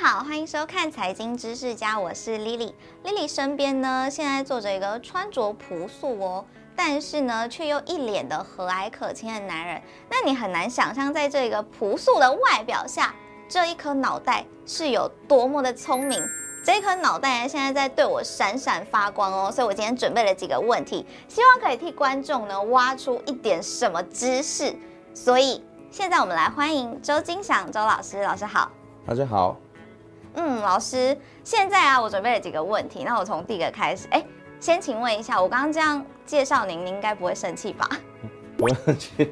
好，歡迎收看《財經知識家》，我是 Lily。Lily 身邊呢，現在坐着一個穿着樸素哦，但是呢，卻又一臉的和藹可親的男人。那你很難想象，在這個樸素的外表下，這一顆腦袋是有多麼的聰明。這一顆腦袋現在在對我閃閃發光哦，所以我今天準備了幾個問題，希望可以替觀眾呢挖出一點什麼知識。所以現在我們來歡迎周經翔周老師，老師好，大家好。嗯，老師，現在啊，我準備了幾個問題，那我從第一個開始。哎、欸，先請問一下，我剛剛這樣介紹您，您應該不會生氣吧？嗯，不會。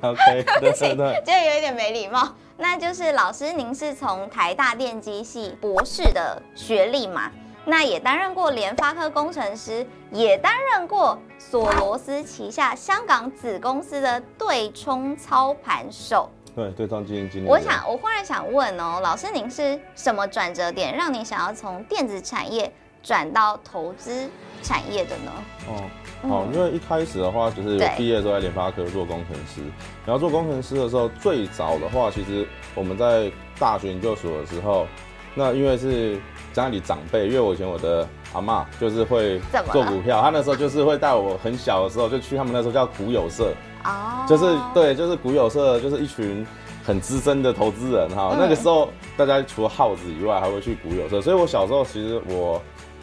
OK。真的？真的。就有一點沒禮貌。那就是老師，您是從台大電機系博士的學歷嘛？那也擔任過聯發科工程師，也擔任過索羅斯旗下香港子公司的對沖操盤手。對對，創業經歷。經我想，我忽然想問哦，老師您是什麼轉折點，讓你想要從電子產業轉到投資產業的呢？哦，好，嗯、因為一開始的話，就是我畢業的時候在聯發科做工程師，對然後做工程師的時候，最早的話，其實我們在大學研究所的時候，那因為是家裡長輩，因為我以前我的阿媽就是會做股票，麼他那時候就是會帶我很小的時候就去他們那時候叫股友社。哦，就是對，就是股友社，就是一群很資深的投資人哈。嗯、那個時候，大家除了耗子以外，還會去股友社。所以我小時候其實我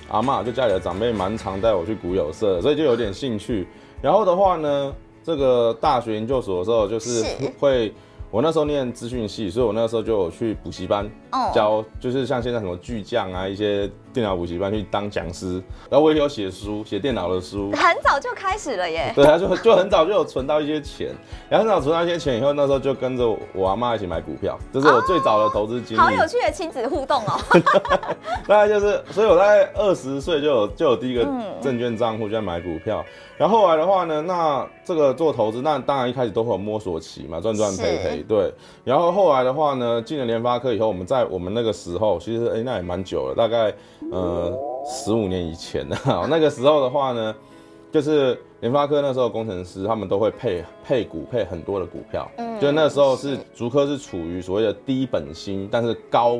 阿媽就家裡的長輩蠻常帶我去股友社的，所以就有點興趣。然後的話呢，這個大學研究所的時候，就是會是我那時候念資訊系，所以我那時候就有去補習班教，就是像現在什麼巨匠啊一些。電腦補習班去當講師，然後我也有寫書，寫電腦的書，很早就開始了耶。對，他就很就很早就有存到一些錢，然後很早存到一些錢以後，那時候就跟着我，我阿媽一起買股票，這是我最早的投資經歷，哦。好有趣的親子互動哦。大概 就是，所以我大概二十歲就有就有第一個證券賬戶，就在買股票。嗯、然後後來的話呢，那這個做投資，那當然一開始都會有摸索期嘛，賺賺賠賠。是對。然後後來的話呢，進了聯發科以後，我們在我們那個時候，其實哎、欸，那也蠻久了，大概。呃，十五、嗯、年以前的，那個時候的話呢，就是聯發科那時候工程師，他們都會配配股配很多的股票，嗯、就那時候是竹是科是處於所謂的低本薪，但是高。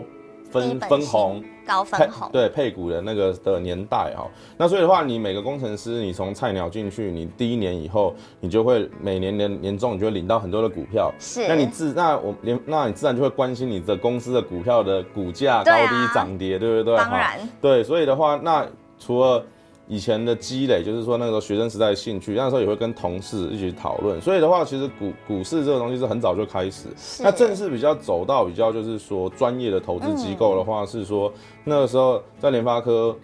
分分紅，高分紅，配對配股的那個的年代哦。那所以的話，你每個工程師，你從菜鳥進去，你第一年以後，你就會每年年年終，你就會領到很多的股票，是，那你自那我連，那你自然就會關心你這公司的股票的股價高低、啊、漲跌，對不對？當然好，對，所以的話，那除了。以前的積累，就是說那個時候學生時代的興趣，那時候也會跟同事一起討論。所以的話，其實股股市這個東西是很早就開始。是那正式比較走到比較就是說專業的投資機構的話，嗯、是說那個時候在聯發科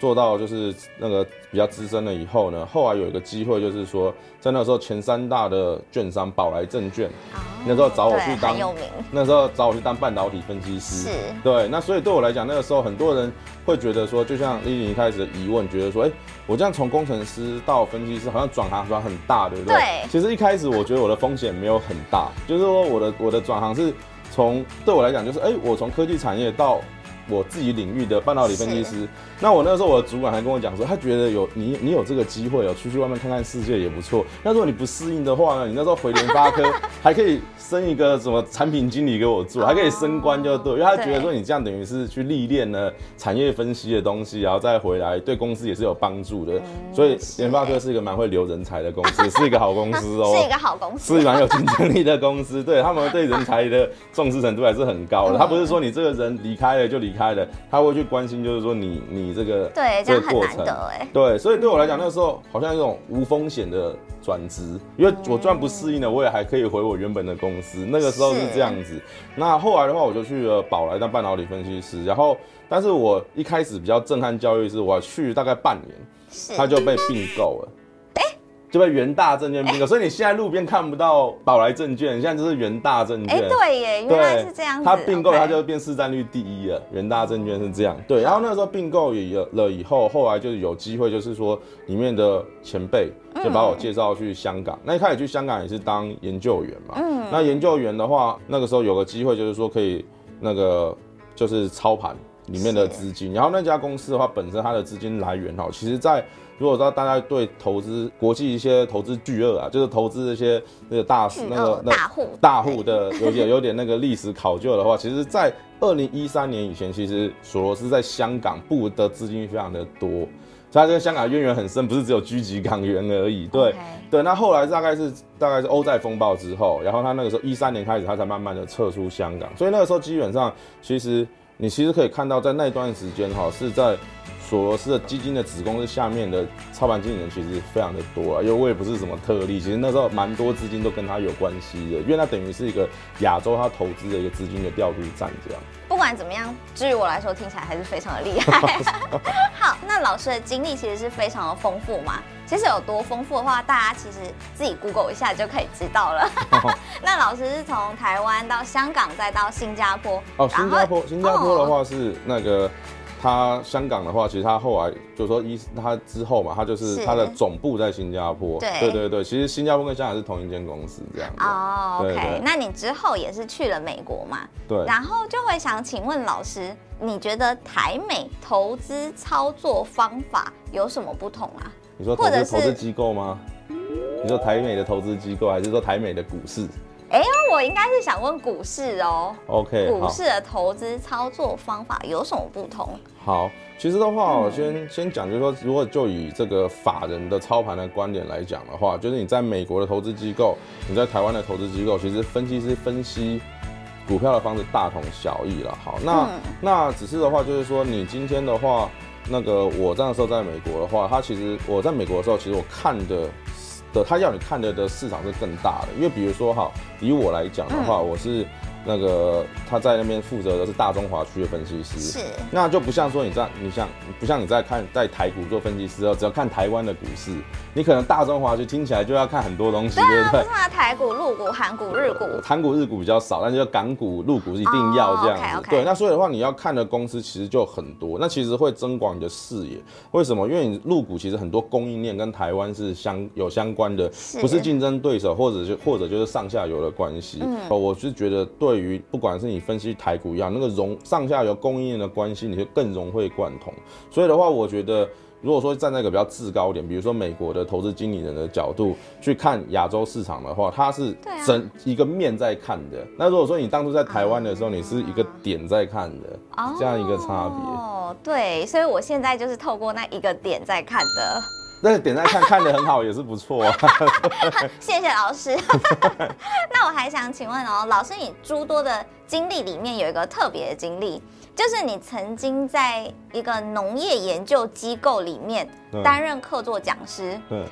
做到就是那個。比較資深了以後呢，後來有一個機會，就是說，在那時候前三大的券商寶來證券，啊、那時候找我去當，很有名。那時候找我去當半導體分析師，是，對。那所以對我來講，那個時候很多人會覺得說，就像 Lily 一開始的疑問，覺得說，哎、欸，我這樣從工程師到分析師，好像轉行轉很大，對不對？對。其實一開始我覺得我的風險沒有很大，嗯、就是說我的我的轉行是從對我來講就是，哎、欸，我從科技產業到我自己領域的半導體分析師。那我那時候，我的主管還跟我講說，他覺得有你，你有這個機會哦，出去外面看看世界也不錯。那如果你不適應的話呢，你那時候回聯發科還可以升一個什麼產品經理給我做，還可以升官就對。因為他覺得說你這樣等於是去歷練呢產業分析的東西，然後再回來對公司也是有幫助的。所以聯發科是一個蠻會留人才的公司，是一個好公司哦，是一個好公司，是一個蠻有競爭力的公司。對，他們對人才的重視程度還是很高的。他不是說你這個人離開了就離開了，他會去關心，就是說你你。你這個對，這個過程，對，所以對我來講，那個時候好像一種無風險的轉職，因為我轉不適應了，我也還可以回我原本的公司。那個時候是這樣子。那後來的話，我就去了寶來當半導體分析師，然後，但是我一開始比較震撼教育是我去大概半年，他就被併購了。就被元大證券併購，欸、所以你現在路邊看不到寶來證券，現在就是元大證券。欸、對耶，原來是這樣它他併購它就會變市占率第一了。Okay. 元大證券是這樣。對，然後那個時候併購也有了以後，後來就有機會，就是說裡面的前輩就把我介紹去香港。嗯、那一開始去香港也是當研究員嘛。嗯。那研究員的話，那個時候有個機會，就是說可以那個就是操盤裡面的資金，然後那家公司的話，本身它的資金來源哈，其實在如果說大家對投資國際一些投資巨鱷啊，就是投資這些那個大、嗯呃、那個戶那大戶大戶的有對 有點那個歷史考究的話，對 其實在二零一三年以前，其實索羅斯在香港布的資金非常的多，他跟香港淵源很深，不是只有狙擊港元而已。對 Okay. 對，那後來大概是大概是歐債風暴之後，然後他那個時候一三年開始，他才慢慢的撤出香港，所以那個時候基本上其實，你其實可以看到，在那段時間哈，是在索羅斯的基金的子公司下面的操盤經理人其實非常的多啊，因為我也不是什麼特例，其實那時候蠻多資金都跟他有關係的，因為他等於是一個亞洲他投資的一個資金的調度站這樣。不管怎麼樣，至於我來說，聽起來還是非常的厲害。 那老師的經歷其實是非常的豐富嘛，其實有多豐富的話，大家其實自己 Google 一下就可以知道了。哦、 那老師是從台灣到香港再到新加坡哦，新加坡新加坡的話是那個。哦他香港的話，其實他後來就是說一他之後嘛，他就是他的總部在新加坡。對，對對對，其實新加坡跟香港是同一間公司這樣。哦、oh，OK，對對，那你之後也是去了美國嘛？對。然後就會想請問老師，你覺得台美投資操作方法有什麼不同啊？你說投資或者是投資機構嗎？你說台美的投資機構，還是說台美的股市？哎、欸，我應該是想問股市哦、喔。OK，好股市的投資操作方法有什麼不同？好，其實的話，我先、嗯、先講，就是說，如果就以這個法人的操盤的觀點來講的話，就是你在美國的投資機構，你在台灣的投資機構，其實分析師分析股票的方式大同小異了。好，那、嗯、那只是的話，就是說，你今天的話，那個我這樣的時候在美國的話，他其實我在美國的時候，其實我看的。他要你看的的市場是更大的，因為比如說哈，以我來講的話，嗯、我是。那個他在那邊負責的是大中華區的分析師，是，那就不像說你在，你像你不像你在看在台股做分析師，只要看台灣的股市，你可能大中華區聽起來就要看很多東西，對啊，對不對？就台股、陸股、韓股、日股，呃、韓股、日股比較少，但就港股、陸股是一定要這樣子。Oh, okay, okay. 對，那所以的話，你要看的公司其實就很多，那其實會增廣你的視野。為什麼？因為你陸股其實很多供應鏈跟台灣是相有相關的，是不是競爭對手，或者就或者就是上下游的關係。嗯，我是覺得對。於不管是你分析台股一樣，那個融上下游供應鏈的關係，你就更融會貫通。所以的話，我覺得如果說站在一個比較制高點，比如說美國的投資經理人的角度去看亞洲市場的話，它是整一個面在看的。啊、那如果說你當初在台灣的時候，你是一個點在看的，oh, 這樣一個差別。哦，對，所以我現在就是透過那一個點在看的。但是點贊看 看得很好，也是不錯、 啊。謝謝老師。 那我還想請問哦、喔，老師，你諸多的經歷裡面有一個特別的經歷，就是你曾經在一個農業研究機構裡面擔任客座講師對。對，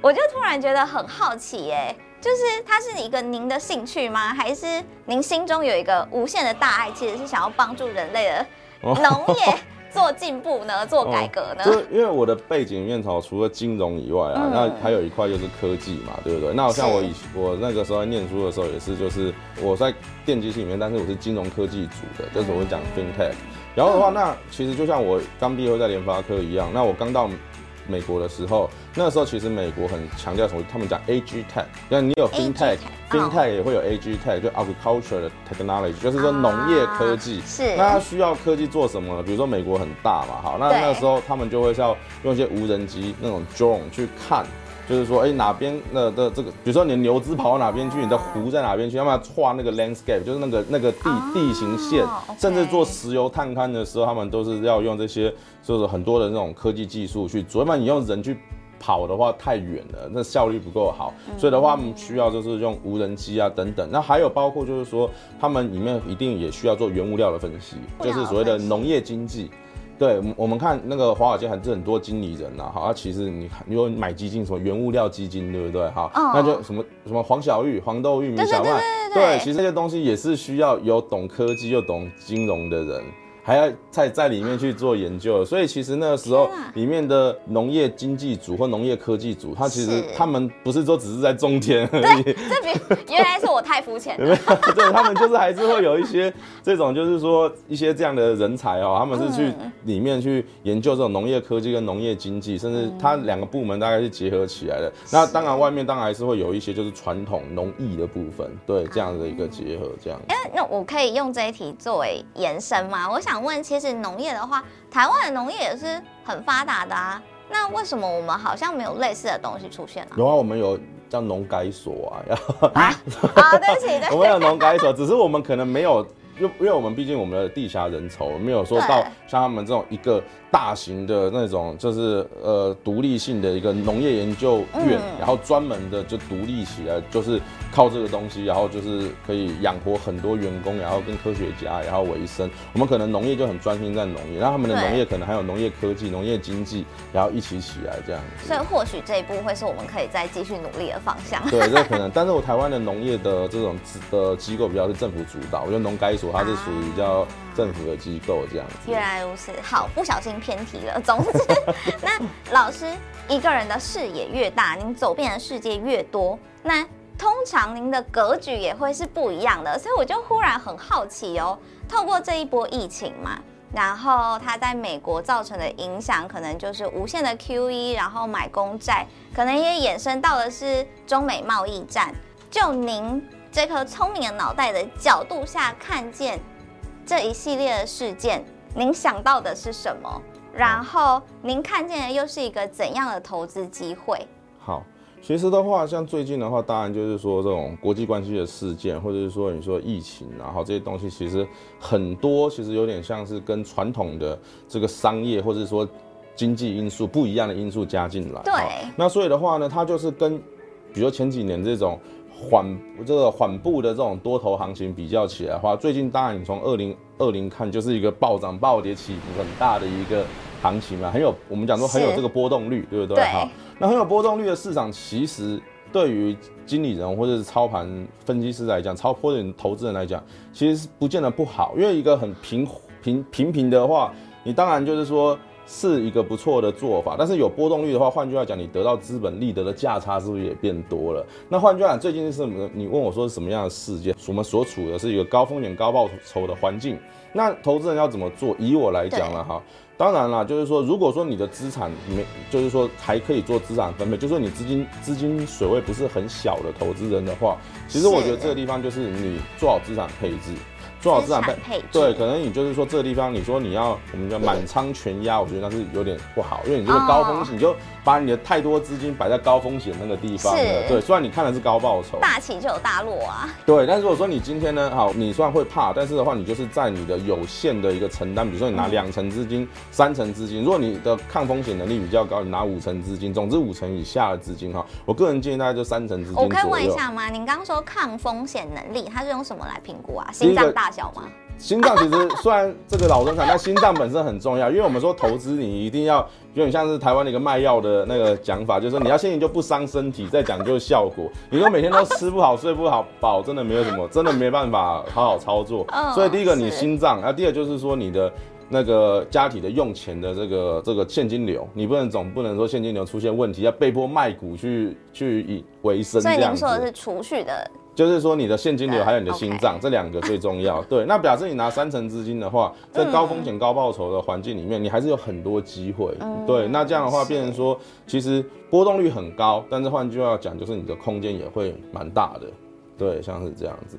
我就突然覺得很好奇、欸，哎，就是它是一個您的興趣嗎？還是您心中有一個無限的大愛，其實是想要幫助人類的農業？ 做進步呢，做改革呢，哦、就是、因為我的背景裡面頭除了金融以外啊，嗯、那還有一塊就是科技嘛，對不對？那好像我以是我那個時候念書的時候也是，就是我在電機系裡面，但是我是金融科技組的，嗯、就是我們講 FinTech。然後的話，嗯、那其實就像我剛畢業會在聯發科一樣，那我剛到。美國的時候，那時候其實美國很強調什麼？他們講 ag tech，那你有 fintech，fintech 也會有 ag tech，Oh. 就 agriculture 的 technology，就是說農業科技。是。Uh, 那他需要科技做什麼呢？比如說美國很大嘛，好，那那時候他們就會是要用一些無人機那種 drone 去看。就是說，哎、欸，哪邊的的這個，比如說你的牛隻跑到哪邊去，你的湖在哪邊去，要麼畫那個 landscape，就是那個那個地地形線，Oh, okay. 甚至做石油探勘的時候，他們都是要用這些，就是很多的那種科技技術去，所以嘛，你用人去跑的話太遠了，那效率不夠好，所以的話他們需要就是用無人機啊等等。那還有包括就是說，他們裡面一定也需要做原物料的分析，就是所謂的農業經濟。對，我們看那個華爾街還是很多經理人吶、啊，好，啊、其實你看，如果你有買基金，什麼原物料基金，對不對？好，哦、那就什麼什麼黃小玉、黃豆、玉米、小麥，對，其實這些東西也是需要有懂科技又懂金融的人。還要在在裡面去做研究，所以其實那個時候裡面的農業經濟組或農業科技組，它、啊、其實他們不是說只是在種田而已，這比原來是我太膚淺了。 對，他們就是還是會有一些這種，就是說一些這樣的人才哦、喔，他們是去裡面去研究這種農業科技跟農業經濟，甚至它兩個部門大概是結合起來的。嗯、那當然外面當然還是會有一些就是傳統農藝的部分，對這樣的一個結合這樣、嗯欸。那我可以用這一題作為延伸嗎？我想。想問，其實農業的話，台灣的農業也是很發達的啊。那為什麼我們好像沒有類似的東西出現呢？有啊，話我們有叫農改所啊。啊，好、 啊，對不起，對不起。我們有農改所，只是我們可能沒有，因因為我們畢竟我們的地狹人稠，沒有說到像他們這種一個大型的那種，就是呃獨立性的一個農業研究院，嗯、然後專門的就獨立起來，就是。靠這個東西，然後就是可以養活很多員工，然後跟科學家，然後維生。我們可能農業就很專心在農業，那他們的農業可能還有農業科技、農業經濟，然後一起起來這樣。所以或許這一步會是我們可以再繼續努力的方向。對，這可能。 但是我台灣的農業的這種的機構比較是政府主導，我覺得農改所它是屬於比較政府的機構這樣子。原來如此，好，不小心偏題了。總之， 那老師一個人的視野越大，您走遍的世界越多，那，通常您的格局也會是不一樣的，所以我就忽然很好奇哦。透過這一波疫情嘛，然後它在美國造成的影響，可能就是無限的 QE，然後買公債，可能也衍生到的是中美貿易戰。就您這顆聰明的腦袋的角度下，看見這一系列的事件，您想到的是什麼？然後您看見的又是一個怎樣的投資機會？好。其實的話，像最近的話，當然就是說這種國際關係的事件，或者是說你說疫情，然後這些東西，其實很多其實有點像是跟傳統的這個商業或者說經濟因素不一樣的因素加進來。對、哦。那所以的話呢，它就是跟，比如前幾年這種緩這個緩步的這種多頭行情比較起來的話，最近當然你從二零二零看就是一個暴漲暴跌起伏很大的一個行情嘛，很有我們講說很有這個波動率，是對不對？哈對，那很有波動率的市場，其實對於經理人或者是操盤分析師來講，操盤投資人來講，其實是不見得不好，因為一個很平平平平的話，你當然就是說。是一個不錯的做法，但是有波動率的話，換句話講，你得到資本利得的價差是不是也變多了？那換句話講，最近是什麼，你問我說是什麼樣的事件？我們所處的是一個高風險高報酬的環境。那投資人要怎麼做？以我來講了哈對，當然啦，就是說，如果說你的資產沒，就是說還可以做資產分配，就是說你資金資金水位不是很小的投資人的話，其實我覺得這個地方就是你做好資產配置。的做好資產配置對，對，可能你就是說這個地方，你說你要我們叫滿倉全壓，我覺得那是有點不好，因為你這個高風險，你就把你的太多資金擺在高風險那個地方了。對，雖然你看的是高報酬，大起就有大落啊。對，但是如果說你今天呢，好，你雖然會怕，但是的話，你就是在你的有限的一個承擔，比如說你拿兩成資金、三成資金，如果你的抗風險能力比較高，你拿五成資金，總之五成以下的資金哈，我個人建議大家就三成資金。我可以問一下嗎？您剛剛說抗風險能力，它是用什麼來評估啊？心臟大。小嗎？ 心臟其實雖然這個老生常談，但心臟本身很重要，因為我們說投資，你一定要有點像是台灣的一個賣藥的那個講法，就是說你要先研究不傷身體，再講究效果。你說每天都吃不好、睡不好、飽，真的沒有什麼，真的沒辦法好好操作。哦、所以第一個你心臟，是啊第二就是說你的那個家庭的用錢的這個這個現金流，你不能總不能說現金流出現問題，要被迫賣股去去以為生這樣。所以您說的是儲蓄的。就是說，你的現金流還有你的心臟，對這兩個最重要。okay 對，那表示你拿三成資金的話， 在高風險高報酬的環境裡面，你還是有很多機會。嗯、對，那這樣的話，變成說，是其實波動率很高，但是換句話講，就是你的空間也會蠻大的。對，像是這樣子。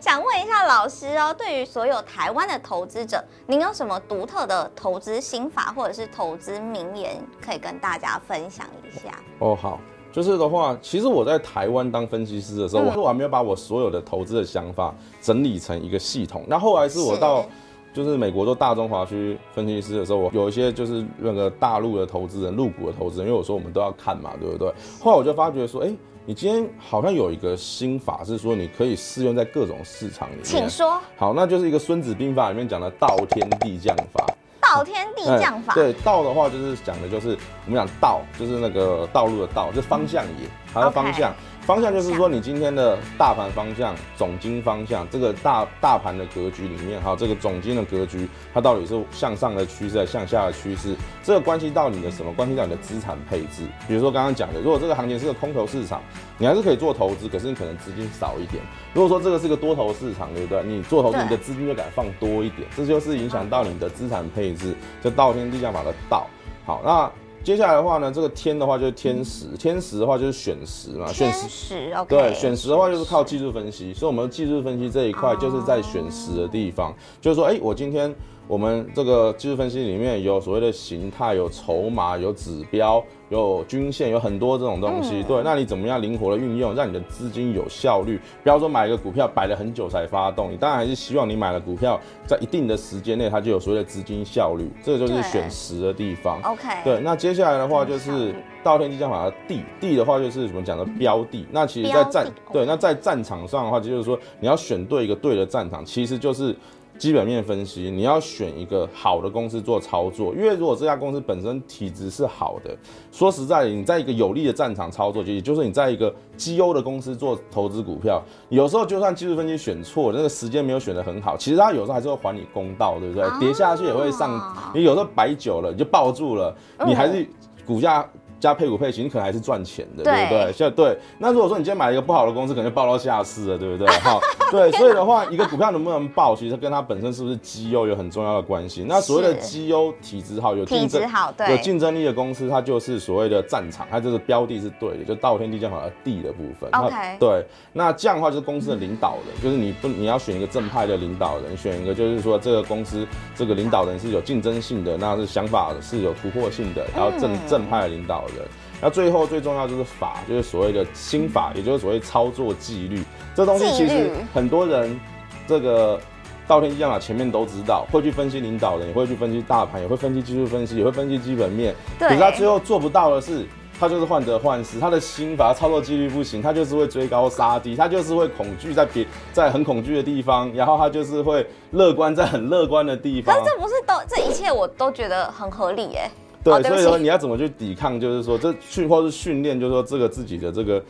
想問一下老師哦，對於所有台灣的投資者，您有什麼獨特的投資心法或者是投資名言，可以跟大家分享一下？哦，好。就是的話，其實我在台灣當分析師的時候，嗯、我還沒有把我所有的投資的想法整理成一個系統。那後來是我到，就是美國做大中華區分析師的時候，我有一些就是那個大陸的投資人、入股的投資人，因為我說我們都要看嘛，對不對？後來我就發覺說，哎、欸，你今天好像有一個心法是說你可以適用在各種市場裡面。請說。好，那就是一個孫子兵法裡面講的道天地將法。道天地將法，哎、對，道的話就是講的，就是我們講道，就是那個道路的道，就方向也，嗯、它的方向。Okay. 方向就是說，你今天的大盤方向、總經方向，這個大大盤的格局裡面，哈，這個總經的格局，它到底是向上的趨勢，還是向下的趨勢，這個關係到你的什麼？關係到你的資產配置。比如說剛剛講的，如果這個行情是個空頭市場，你還是可以做投資，可是你可能資金少一點；如果說這個是個多頭市場對不對？你做投資你的資金就敢放多一點，對這就是影響到你的資產配置，就道天地樣把它倒。好，那。接下來的話呢，這個天的話就是天時，天時的話就是選時嘛，天時，選時，對，OK, 選時的話就是靠技術分析，選時。所以我們的技術分析這一塊就是在選時的地方，就是說，哎、欸，我今天。我們這個技術分析裡面有所謂的形態、有籌碼、有指標、有均線，有很多這種東西。嗯、對，那你怎麼樣靈活的運用，讓你的資金有效率？不要說買一個股票擺了很久才發動，你當然還是希望你買了股票，在一定的時間內它就有所謂的資金效率。這個、就是選時的地方。OK 對。對，那接下來的話就是道天地將法的地。地的話就是我們講的標的。那其實在戰對，那在戰場上的話，就是說你要選對一個對的戰場，其實就是。基本面分析，你要選一個好的公司做操作，因為如果這家公司本身體質是好的，說實在的，你在一個有利的戰場操作，就就是你在一個績優的公司做投資股票，有時候就算技術分析選錯了，那個時間沒有選得很好，其實它有時候還是會還你公道，對不對？跌下去也會上，你有時候擺久了你就抱住了，你還是股價加配股配息，你可能還是賺錢的，對，對不對？現在對。那如果說你今天買了一個不好的公司，可能就爆到下市了，對不對？哈。 對。所以的話，一個股票能不能爆，其實跟它本身是不是績優有很重要的關係。是那所謂的績優體質好，有競爭有競爭力的公司，它就是所謂的戰場，它就是標的是對的，就道天地將好像地的部分 Okay.。對。那這樣的話，就是公司的領導人，嗯、就是你不你要選一個正派的領導人，選一個就是說這個公司這個領導人是有競爭性的，那是想法是有突破性的，然後正、嗯、正派的領導人。那最後最重要就是法，就是所謂的心法，嗯、也就是所謂操作紀律。這東西其實很多人這個道片一樣嘛，前面都知道，會去分析領導人，也會去分析大盤，也會分析技術分析，也會分析基本面。對可是他最後做不到的是，他就是患得患失，他的心法、操作紀律不行，他就是會追高殺低，他就是會恐懼在別在很恐懼的地方，然後他就是會樂觀在很樂觀的地方。但這不是都這一切我都覺得很合理哎、欸。對，所以說你要怎麼去抵抗？就是說這訓或是訓練，就是說這個自己的這個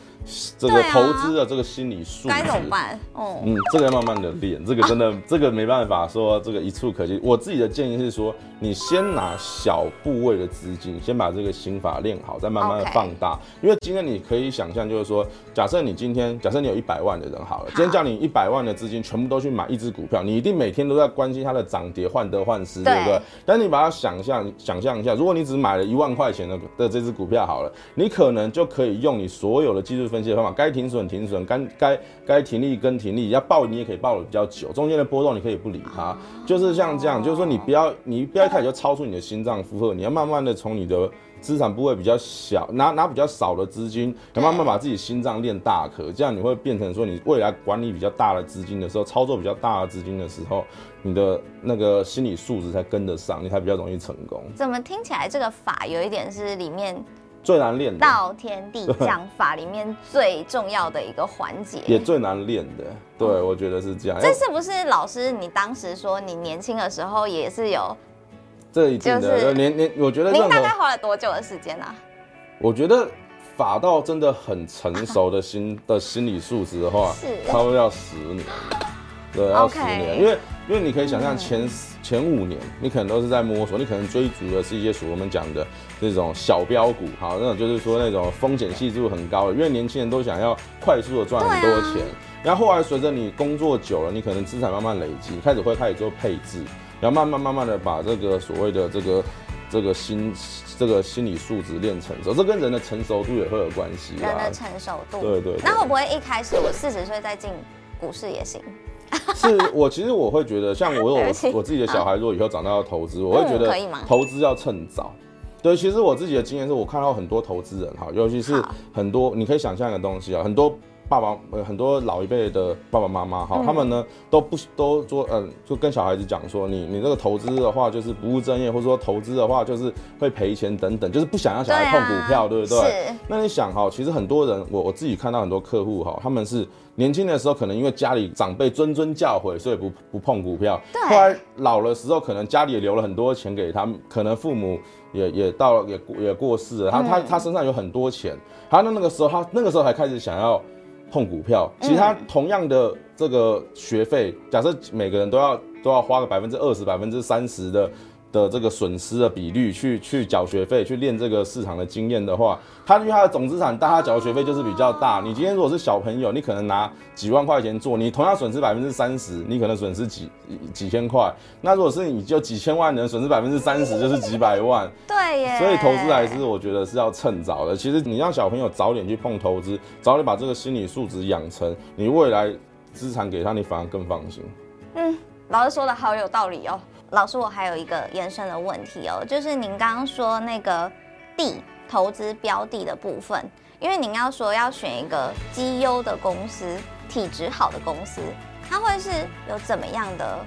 這個投資的這個心理素質該辦？哦，嗯，這個要慢慢的練，這個真的這個沒辦法說這個一蹴可及。我自己的建議是說，你先拿小部位的資金，先把這個心法練好，再慢慢的放大。因為今天你可以想象，就是說，假設你今天假設你有一百萬的人好了，今天叫你一百萬的資金全部都去買一隻股票，你一定每天都在關心它的漲跌，患得患失，對不對？但你把它想象想象一下，如果你只買了一萬塊錢的的這支股票好了，你可能就可以用你所有的技術分析的方法停損，停損，該停損停損，該該該停利跟停利，要抱你也可以抱的比較久，中間的波動你可以不理它，就是像這樣，就是說你不要你不要一開始就超出你的心臟負荷，你要慢慢的從你的。資產部位比較小，拿拿比較少的資金，能慢慢把自己心臟練大，可對這樣你會變成說，你未來管理比較大的資金的時候，操作比較大的資金的時候，你的那個心理素質才跟得上，你才比較容易成功。怎麼聽起來這個法有一點是裡面最難練的？道天地將法裡面最重要的一個環節，也最難練的。對，嗯、我覺得是這樣。這是不是老師你當時說你年輕的時候也是有？這一經的年年、就是，我覺得您大概花了多久的時間呢、啊？我覺得法到真的很成熟的心 的心理素質的話，是差不多要十年。對，Okay. 要十年，因為因為你可以想象前，對前五年你可能都是在摸索，你可能追逐的是一些我們講的那種小標股，好那種就是說那種風險係數很高的，因為年輕人都想要快速的賺很多錢。啊、然後後來隨着你工作久了，你可能資產慢慢累積，開始會開始做配置。要慢慢慢慢的把這個所謂的這個這個心這個心理素質練成熟，這這跟人的成熟度也會有關係啊，人的成熟度，對，對對。那我不會一開始我四十歲再進股市也行。 是我其實我會覺得，像我有 起我，我自己的小孩，如果以後長大要投資，我會覺得投資要趁早。對，其實我自己的經驗是我看到很多投資人哈，尤其是很多好你可以想象的東西啊，很多。爸爸，呃，很多老一輩的爸爸媽媽哈，嗯、他們呢都不都做，嗯，就跟小孩子講說，你你這個投資的話就是不務正業，或者說投資的話就是會賠錢等等，就是不想要小孩碰股票，對，啊、對不對？是那你想哈、喔，其實很多人，我我自己看到很多客戶哈、喔，他們是年輕的時候可能因為家裡長輩諄諄教誨，所以不不碰股票，對後來老的時候可能家裡也留了很多錢給他們，可能父母也也到了也也過世了，他對他他身上有很多錢，他那那個時候他那個時候還開始想要。控股票，其他同樣的這個學費，假設每個人都要都要花個百分之二十、百分之三十的，的這個損失的比率去去繳學費去練這個市場的經驗的話，他因為他的總資產大，他繳學費就是比較大。你今天如果是小朋友，你可能拿幾萬塊錢做，你同樣損失百分之三十，你可能損失幾幾千塊。那如果是你就幾千萬人損失百分之三十，就是幾百萬。對耶。所以投資還是我覺得是要趁早的。其實你讓小朋友早點去碰投資，早點把這個心理素質養成，你未來資產給他，你反而更放心。嗯，老師說的好有道理哦。老師，我還有一個延伸的問題哦、喔，就是您剛剛說那個地投資標的的部分，因為您要說要選一個績優的公司，體質好的公司，它會是有怎麼樣的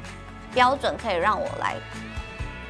標準可以讓我來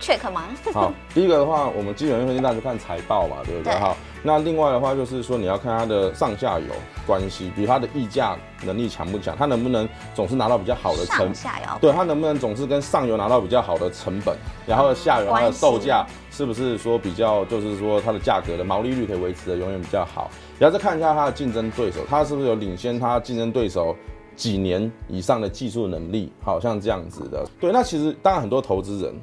check 嗎？好， 第一個的話，我們基本上會先大家看財報嘛，對不對？對好。那另外的話就是說，你要看它的上下游關係，比如它的議價能力強不強，它能不能總是拿到比較好的成本？上下游對，它能不能總是跟上游拿到比較好的成本，然後下游它的售價是不是說比較，就是說它的價格的毛利率可以維持得永遠比較好？然後再看一下它的競爭對手，它是不是有領先它競爭對手幾年以上的技術能力？好像這樣子的。對，那其實當然很多投資人，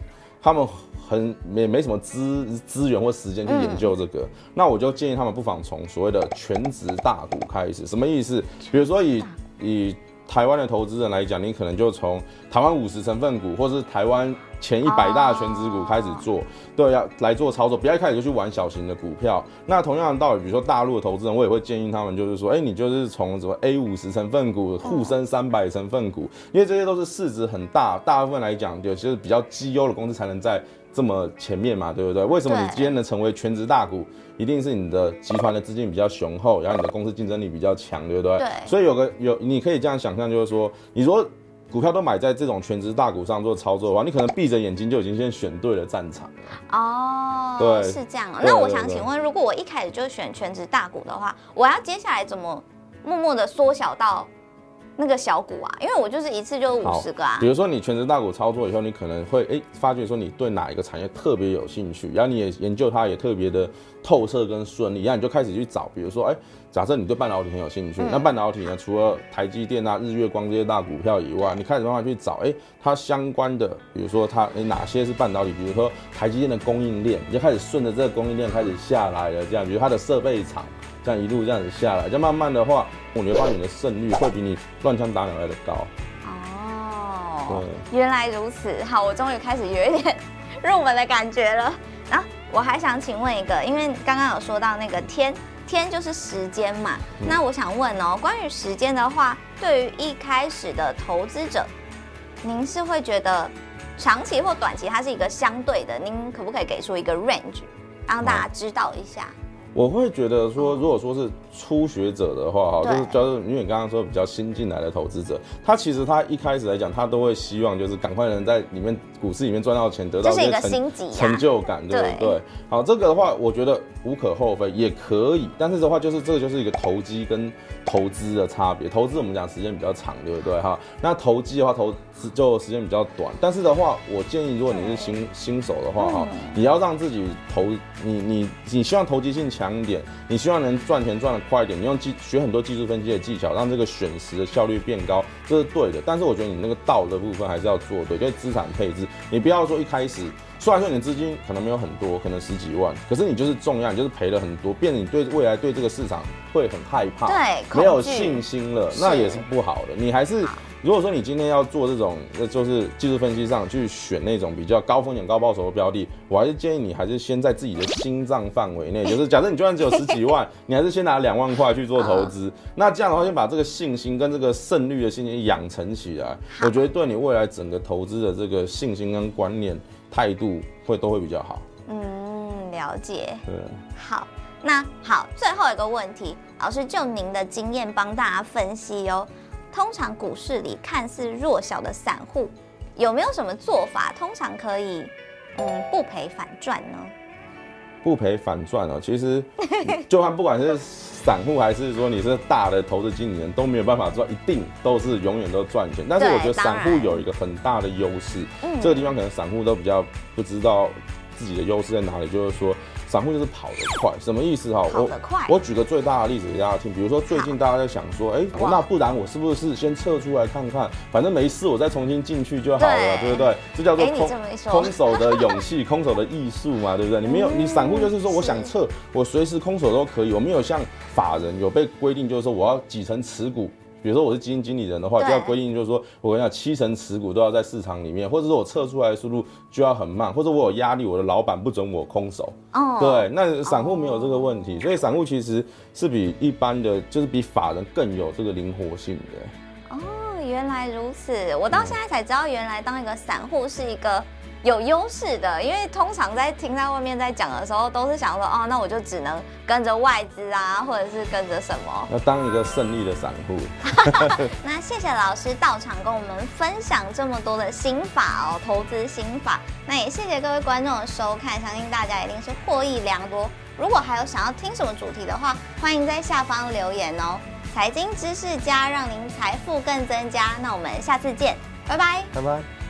他們。很沒沒什麼資資源或時間去研究這個，嗯、那我就建議他們不妨從所謂的權值大股開始。什麼意思？比如說以以台灣的投資人來講，你可能就從台灣五十成分股，或是台灣前一百大的權值股開始做，對、啊，要來做操作，不要一開始就去玩小型的股票。那同樣的道理，比如說大陸的投資人，我也會建議他們，就是說，哎、欸，你就是從什麼 A 五十成分股、滬深三百成分股，哦、因為這些都是市值很大，大部分來講，有些是比較績優的公司才能在。這麼前面嘛，對不對？為什麼你今天能成為權值大股？對一定是你的集團的資金比較雄厚，然後你的公司競爭力比較強，對不對？對。所以有個有，你可以這樣想象，就是說，你如果股票都買在這種權值大股上做操作的話，你可能閉着眼睛就已經先選對了戰場了。哦，對，是這樣啊。對那我想請問，如果我一開始就選權值大股的話，我要接下來怎麼默默的縮小到？那個小股啊，因為我就是一次就五十個啊。比如說你全職大股操作以後，你可能會哎、欸、發覺說你對哪一個產業特別有興趣，然後你也研究它也特別的透徹跟順利，然後你就開始去找。比如說哎、欸，假設你對半導體很有興趣，嗯、那半導體呢，除了台積電啊、日月光這些大股票以外，你開始慢慢去找哎、欸、它相關的，比如說它、欸、哪些是半導體，比如說台積電的供應鏈，你就開始順着這個供應鏈開始下來了。這樣，比如它的設備廠。這樣一路這樣子下來，再慢慢的話，你會發現你的勝率會比你亂槍打鳥來的高。哦，對原來如此，好，我終於開始有一點入門的感覺了。然、啊、後我還想請問一個，因為剛剛有說到那個天，天就是時間嘛。那我想問哦、喔，嗯、關於時間的話，對於一開始的投資者，您是會覺得長期或短期它是一個相對的？您可不可以給出一個 range 讓大家知道一下？哦我會覺得說，如果說是初學者的話，哈，就是就是，因為你剛剛說比較新進來的投資者，他其實他一開始來講，他都會希望就是趕快能在裡面股市裡面賺到錢，得到一些成,成就感，對不對？好，這個的話，我覺得。無可厚非，也可以，但是的話就是這個就是一個投機跟投資的差別。投資我們講時間比較長，對不對哈？那投機的話，投就時間比較短。但是的話，我建議如果你是新對新手的話哈，嗯、你要讓自己投，你你你,你希望投機性強一點，你希望能賺錢賺得快一點，你用技學很多技術分析的技巧，讓這個選時的效率變高，這是對的。但是我覺得你那個道的部分還是要做對，因為資產配置，你不要說一開始。雖然說你的資金可能沒有很多，可能十幾萬，可是你就是重要，你就是賠了很多，變得你對未來對這個市場會很害怕，對，沒有信心了，是那也是不好的。你還是好如果說你今天要做這種，就是技術分析上去選那種比較高風險高報酬的標的，我還是建議你還是先在自己的心臟範圍內，就是假設你就算只有十幾萬， 你還是先拿兩萬塊去做投資，好那這樣的話，先把這個信心跟這個勝率的信心養成起來，好我覺得對你未來整個投資的這個信心跟觀念。態度會都會比較好，嗯，了解，對，好，那好，最後一個問題，老師就您的經驗幫大家分析哦。通常股市裡看似弱小的散戶，有沒有什麼做法，通常可以嗯不賠反賺呢？不賠反賺哦！其實，就算不管是散戶還是說你是大的投資經理人都沒有辦法做，一定都是永遠都賺錢。但是我覺得散戶有一個很大的優勢，這個地方可能散戶都比較不知道自己的優勢在哪裡，就是說。散戶就是跑得快，什麼意思哈、哦？跑得快。我我舉個最大的例子給大家聽，比如說最近大家在想說，哎，那不然我是不是先撤出來看看，反正沒事，我再重新進去就好了，對，對不對？這叫做空空手的勇氣，空手的藝術嘛，對不對？你沒有，你散戶就是說，我想撤，是我隨時空手都可以，我沒有像法人有被規定，就是說我要幾成持股。比如說我是基金經理人的話，對就要規定就是說，我跟你講，七成持股都要在市場裡面，或者說我測出來的速度就要很慢，或者我有壓力，我的老板不准我空手。哦，對，那散戶沒有這個問題，哦、所以散戶其實是比一般的，就是比法人更有這個靈活性的。哦，原來如此，我到現在才知道，原來當一個散戶是一個。有優勢的，因為通常在聽在外面在講的時候，都是想說，哦，那我就只能跟着外資啊，或者是跟着什麼？要當一個勝利的散戶。 那謝謝老師到場跟我們分享這麼多的心法哦，投資心法。那也謝謝各位觀眾的收看，相信大家一定是獲益良多。如果還有想要聽什麼主題的話，歡迎在下方留言哦。財經知識家，讓您財富更增加。那我們下次見，拜拜，拜拜。